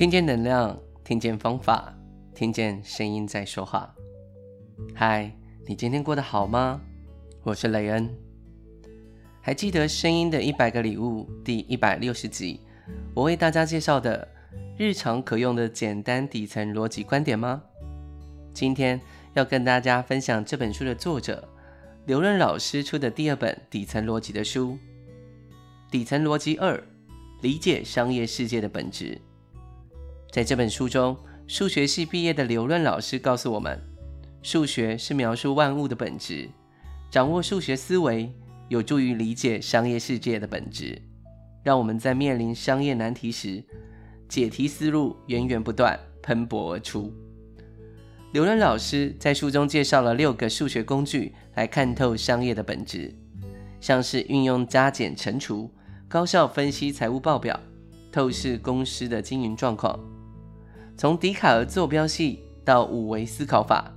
聽見能量，聽見方法，聽見聲音在說話。嗨，你今天過得好嗎？我是雷恩。還記得《聲音的一百個禮物》第一百六十集，我為大家介紹的日常可用的簡單底層邏輯觀點嗎？今天要跟大家分享這本書的作者劉潤老師出的第二本底層邏輯的書《底層邏輯二》，理解商業世界的本質。在這本書中，數學系畢業的劉潤老師告訴我們，數學是描述萬物的本質，掌握數學思維有助於理解商業世界的本質，讓我們在面臨商業難題時，解題思路源源不斷，噴薄而出。劉潤老師在書中介紹了六個數學工具來看透商業的本質，像是運用加減乘除，高效分析財務報表，透視公司的經營狀況。從笛卡爾坐標系到五維思考法，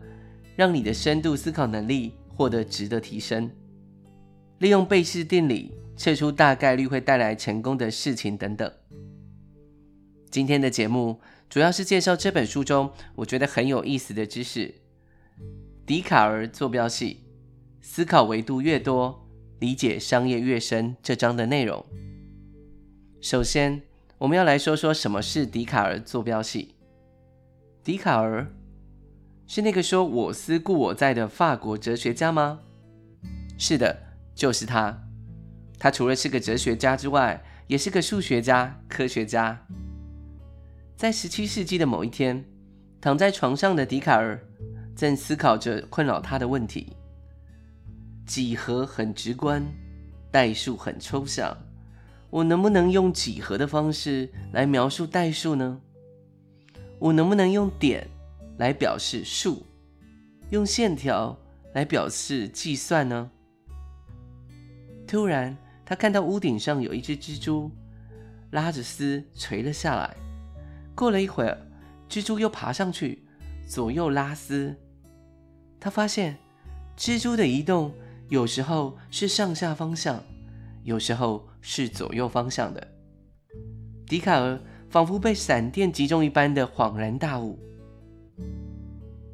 讓你的深度思考能力獲得質的提升。利用貝氏定理測出大概率會帶來成功的事情等等。今天的節目主要是介紹這本書中我覺得很有意思的知識——笛卡爾坐標系、思考維度越多，理解商業越深這章的內容。首先，我們要來說說什麼是笛卡爾坐標系。笛卡爾是那個說“我思故我在”的法國哲學家嗎？是的，就是他。他除了是個哲學家之外，也是個數學家、科學家。在17世紀的某一天，躺在床上的笛卡爾正思考着困擾他的問題。幾何很直觀，代數很抽象，我能不能用幾何的方式來描述代數呢？我能不能用點來表示數，用線條來表示計算呢？突然，他看到屋頂上有一只蜘蛛拉着絲垂了下來。過了一會兒，蜘蛛又爬上去，左右拉絲。他發現，蜘蛛的移動有時候是上下方向，有時候是左右方向的。笛卡爾。仿佛被閃電擊中一般的恍然大悟：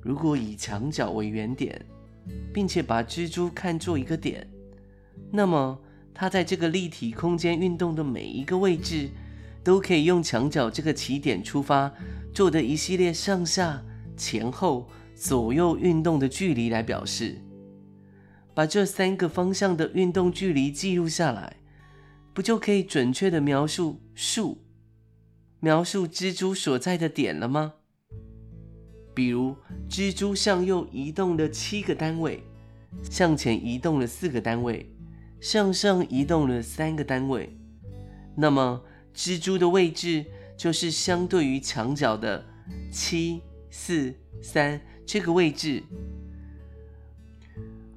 如果以牆角為原點，並且把蜘蛛看作一個點，那麼它在這個立體空間運動的每一個位置，都可以用牆角這個起點出發做的一系列上下、前後、左右運動的距離來表示。把這三個方向的運動距離記錄下來，不就可以準確地描述數？描述蜘蛛所在的點了嗎？比如，蜘蛛向右移動了七個單位，向前移動了四個單位，向上移動了三個單位。那麼，蜘蛛的位置就是相對於牆角的七四三這個位置。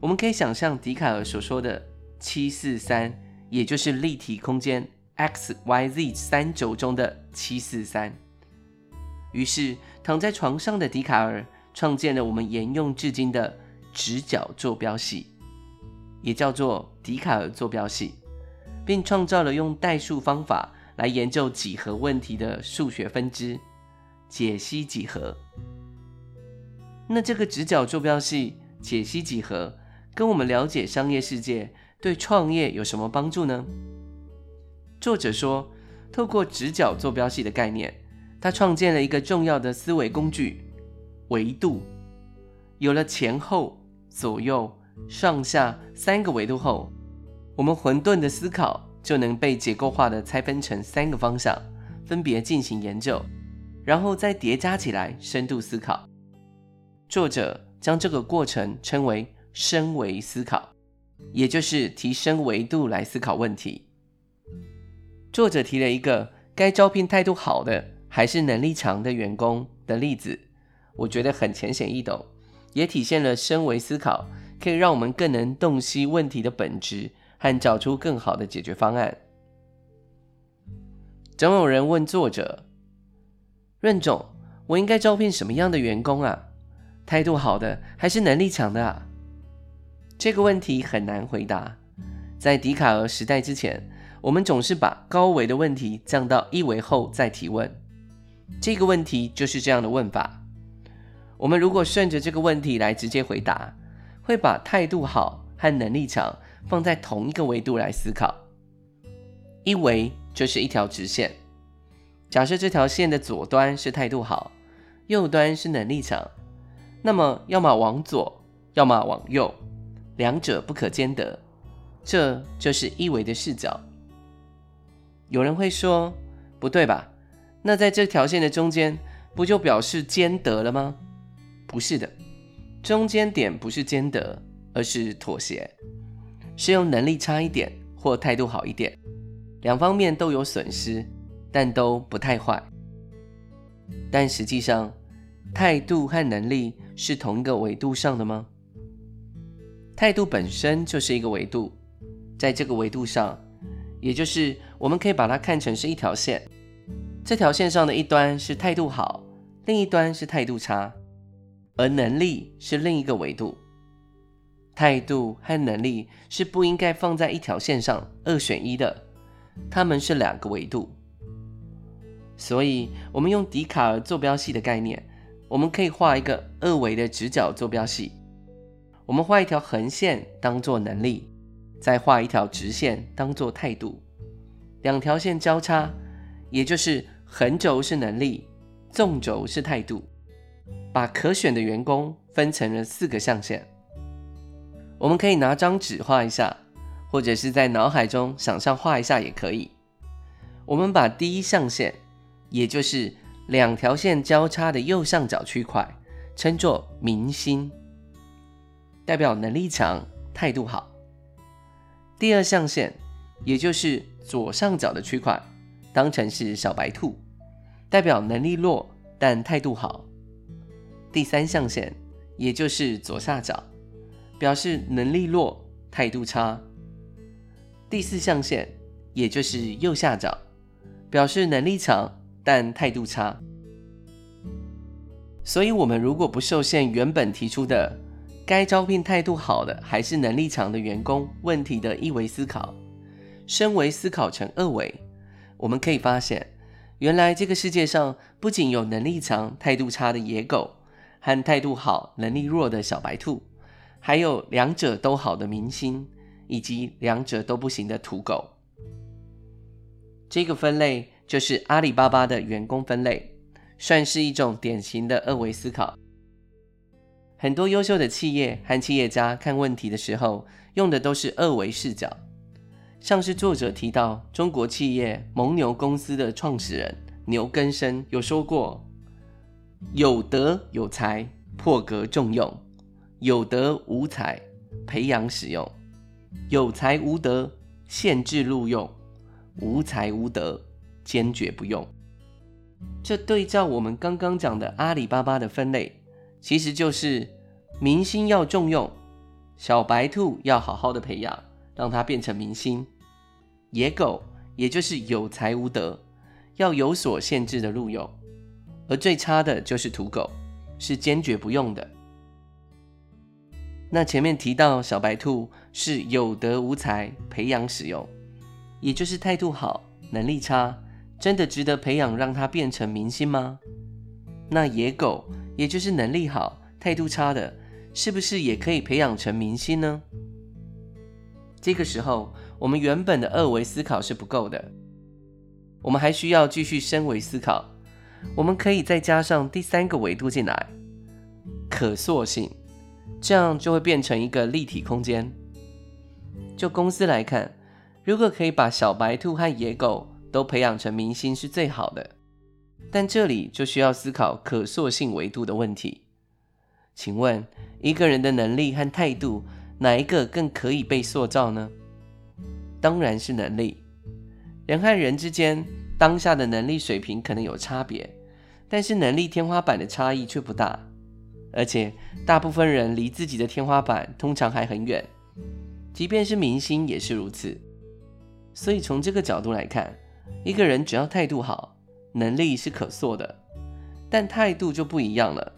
我們可以想象，笛卡爾所說的七四三，也就是立體空間。x y z 三軸中的七四三，於是躺在床上的笛卡爾創建了我們沿用至今的直角坐標系，也叫做笛卡爾坐標系，並創造了用代數方法來研究幾何問題的數學分支——解析幾何。那這個直角坐標系、解析幾何跟我們了解商業世界、對創業有什麼幫助呢？作者說，透過直角坐標系的概念，他創建了一個重要的思維工具——維度。有了前後、左右、上下三個維度後，我們混沌的思考就能被結構化的拆分成三個方向，分別進行研究，然後再疊加起來深度思考。作者將這個過程稱為“升維思考”，也就是提升維度來思考問題。作者提了一個該招聘態度好的還是能力強的員工的例子，我覺得很淺顯易懂，也體現了深維思考可以讓我們更能洞悉問題的本質和找出更好的解決方案。總有人問作者：任總，我應該招聘什麼樣的員工啊？態度好的還是能力強的啊？這個問題很難回答。在笛卡爾時代之前。我們總是把高維的問題降到一維後再提問。這個問題就是這樣的問法。我們如果順着這個問題來直接回答，會把態度好和能力強放在同一個維度來思考。一維就是一條直線。假設這條線的左端是態度好，右端是能力強，那麼要麼往左，要麼往右，兩者不可兼得。這就是一維的視角。有人會說，不對吧？那在這條線的中間，不就表示兼得了嗎？不是的，中間點不是兼得，而是妥協，是用能力差一點或態度好一點，兩方面都有損失，但都不太壞。但實際上，態度和能力是同一個維度上的嗎？態度本身就是一個維度，在這個維度上。也就是我們可以把它看成是一條線，這條線上的一端是態度好，另一端是態度差，而能力是另一個維度，態度和能力是不應該放在一條線上二選一的，它們是兩個維度，所以我們用笛卡爾坐標系的概念，我們可以畫一個二維的直角坐標系，我們畫一條橫線當做能力。再畫一條直線當做態度，兩條線交叉，也就是橫軸是能力，縱軸是態度，把可選的員工分成了四個象限。我們可以拿張紙畫一下，或者是在腦海中想象畫一下也可以。我們把第一象限，也就是兩條線交叉的右上角區塊，稱作明星，代表能力強、態度好。第二象限，也就是左上角的區塊，當成是小白兔，代表能力弱，但態度好。第三象限，也就是左下角，表示能力弱，態度差。第四象限，也就是右下角，表示能力強但態度差。所以，我們如果不受限原本提出的。該招聘態度好的還是能力強的員工？問題的一維思考，升維思考成二維。我們可以發現，原來這個世界上不僅有能力強、態度差的野狗，和態度好、能力弱的小白兔，還有兩者都好的明星，以及兩者都不行的土狗。這個分類就是阿里巴巴的員工分類，算是一種典型的二維思考。很多優秀的企業和企業家看問題的時候，用的都是二維視角。像是作者提到，中國企業蒙牛公司的創始人牛根生有說過：“有德有才，破格重用；有德無才，培養使用；有才無德，限制錄用；無才無德，堅決不用。”這對照我們剛剛講的阿里巴巴的分類。其實就是明星要重用，小白兔，要好好的培養，讓它變成明星。野狗也就是有才無德，要有所限制的錄用。而最差的就是土狗，是堅決不用的。那前面提到小白兔是有德無才，培養使用，也就是態度好，能力差，真的值得培養讓它變成明星嗎？那野狗，也就是能力好、態度差的，是不是也可以培養成明星呢？這個時候，我們原本的二維思考是不夠的，我們還需要繼續升維思考。我們可以再加上第三個維度進來，可塑性，這樣就會變成一個立體空間。就公司來看，如果可以把小白兔和野狗都培養成明星，是最好的。但這裡就需要思考可塑性維度的問題。請問，一個人的能力和態度，哪一個更可以被塑造呢？當然是能力。人和人之間，當下的能力水平可能有差別，但是能力天花板的差異卻不大。而且，大部分人離自己的天花板通常還很遠，即便是明星也是如此。所以，從這個角度來看，一個人只要態度好。能力是可塑的，但態度就不一樣了。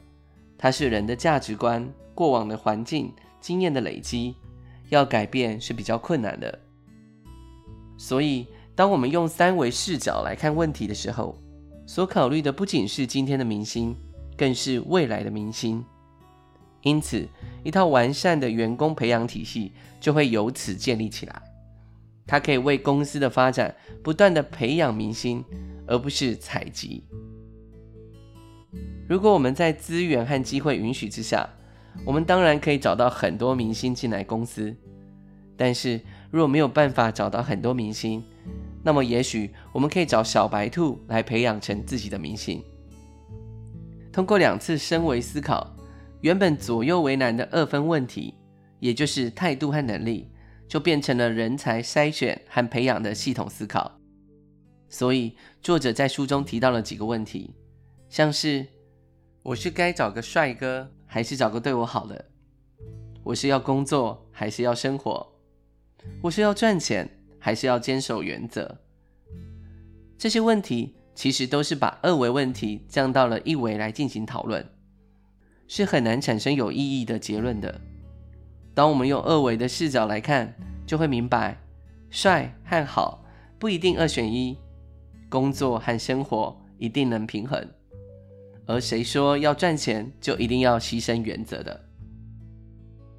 它是人的價值觀、過往的環境、經驗的累積，要改變是比較困難的。所以，當我們用三維視角來看問題的時候，所考慮的不僅是今天的明星，更是未來的明星。因此，一套完善的員工培養體系就會由此建立起來。它可以為公司的發展不斷地培養明星。而不是採集。如果我們在資源和機會允許之下，我們當然可以找到很多明星進來公司。但是，若沒有辦法找到很多明星，那麼也許我們可以找小白兔來培養成自己的明星。通過兩次升維思考，原本左右為難的二分問題，也就是態度和能力，就變成了人才篩選和培養的系統思考。所以，作者在書中提到了幾個問題，像是我是該找個帥哥，還是找個對我好的？我是要工作，還是要生活？我是要賺錢，還是要堅守原則？這些問題其實都是把二維問題降到了一維來進行討論，是很難產生有意義的結論的。當我們用二維的視角來看，就會明白，帥和好不一定二選一。工作和生活一定能平衡，而誰說要賺錢就一定要犧牲原則的？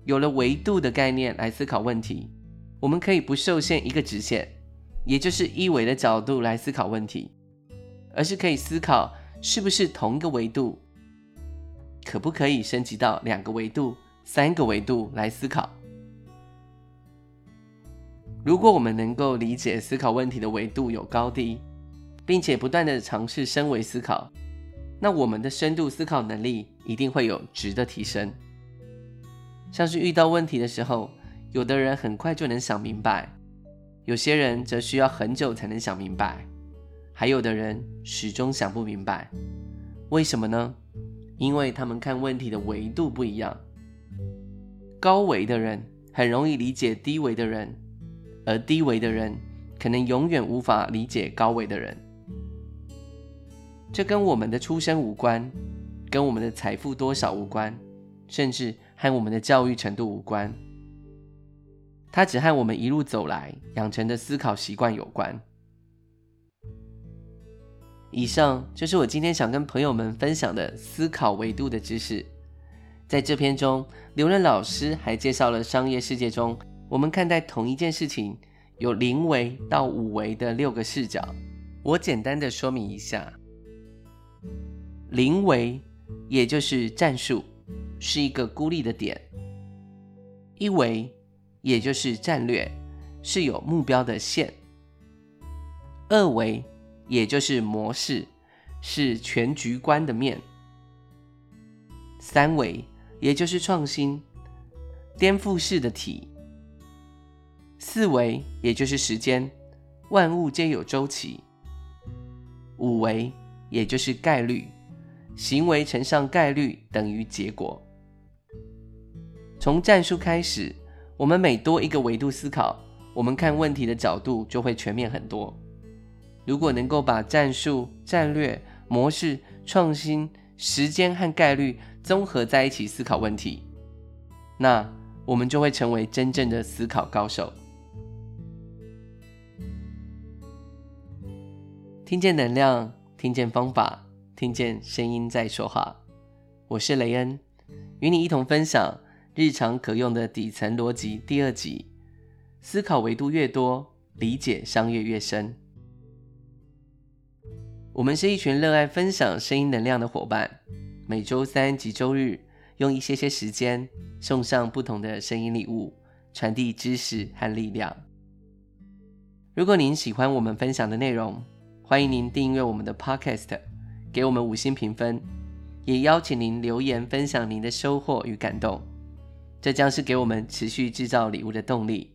有了維度的概念來思考問題，我們可以不受限一個直線，也就是一維的角度來思考問題，而是可以思考是不是同一個維度，可不可以升級到兩個維度、三個維度來思考？如果我們能夠理解思考問題的維度有高低，並且不斷地嘗試升維思考，那我們的深度思考能力一定會有質的提升。像是遇到問題的時候，有的人很快就能想明白，有些人則需要很久才能想明白，還有的人始終想不明白，為什麼呢？因為他們看問題的維度不一樣。高維的人很容易理解低維的人，而低維的人可能永遠無法理解高維的人。這跟我們的出身無關，跟我們的財富多少無關，甚至和我們的教育程度無關。它只和我們一路走來養成的思考習慣有關。以上就是我今天想跟朋友們分享的思考維度的知識。在這篇中，劉潤老師還介紹了商業世界中我們看待同一件事情有零維到五維的六個視角。我簡單的說明一下。零維，也就是戰術，是一個孤立的點；一維，也就是戰略，是有目標的線；二維，也就是模式，是全局觀的面；三維，也就是創新，顛覆式的體；四維，也就是時間，萬物皆有週期；五維。也就是概率，行為乘上概率等於結果。從戰術開始，我們每多一個維度思考，我們看問題的角度就會全面很多。如果能夠把戰術、戰略、模式、創新、時間和概率綜合在一起思考問題，那我們就會成為真正的思考高手。聽見能量。聽見方法，聽見聲音在說話。我是雷恩，與你一同分享日常可用的底層邏輯。第二集，思考維度越多，理解商業越深。我們是一群熱愛分享聲音能量的夥伴，每周三及周日，用一些些時間送上不同的聲音禮物，傳遞知識和力量。如果您喜歡我們分享的內容，歡迎您訂閱我們的 Podcast，給我們五星評分，也邀請您留言分享您的收穫與感動，這將是給我們持續製造禮物的動力。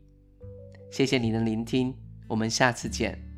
謝謝您的聆聽，我們下次見。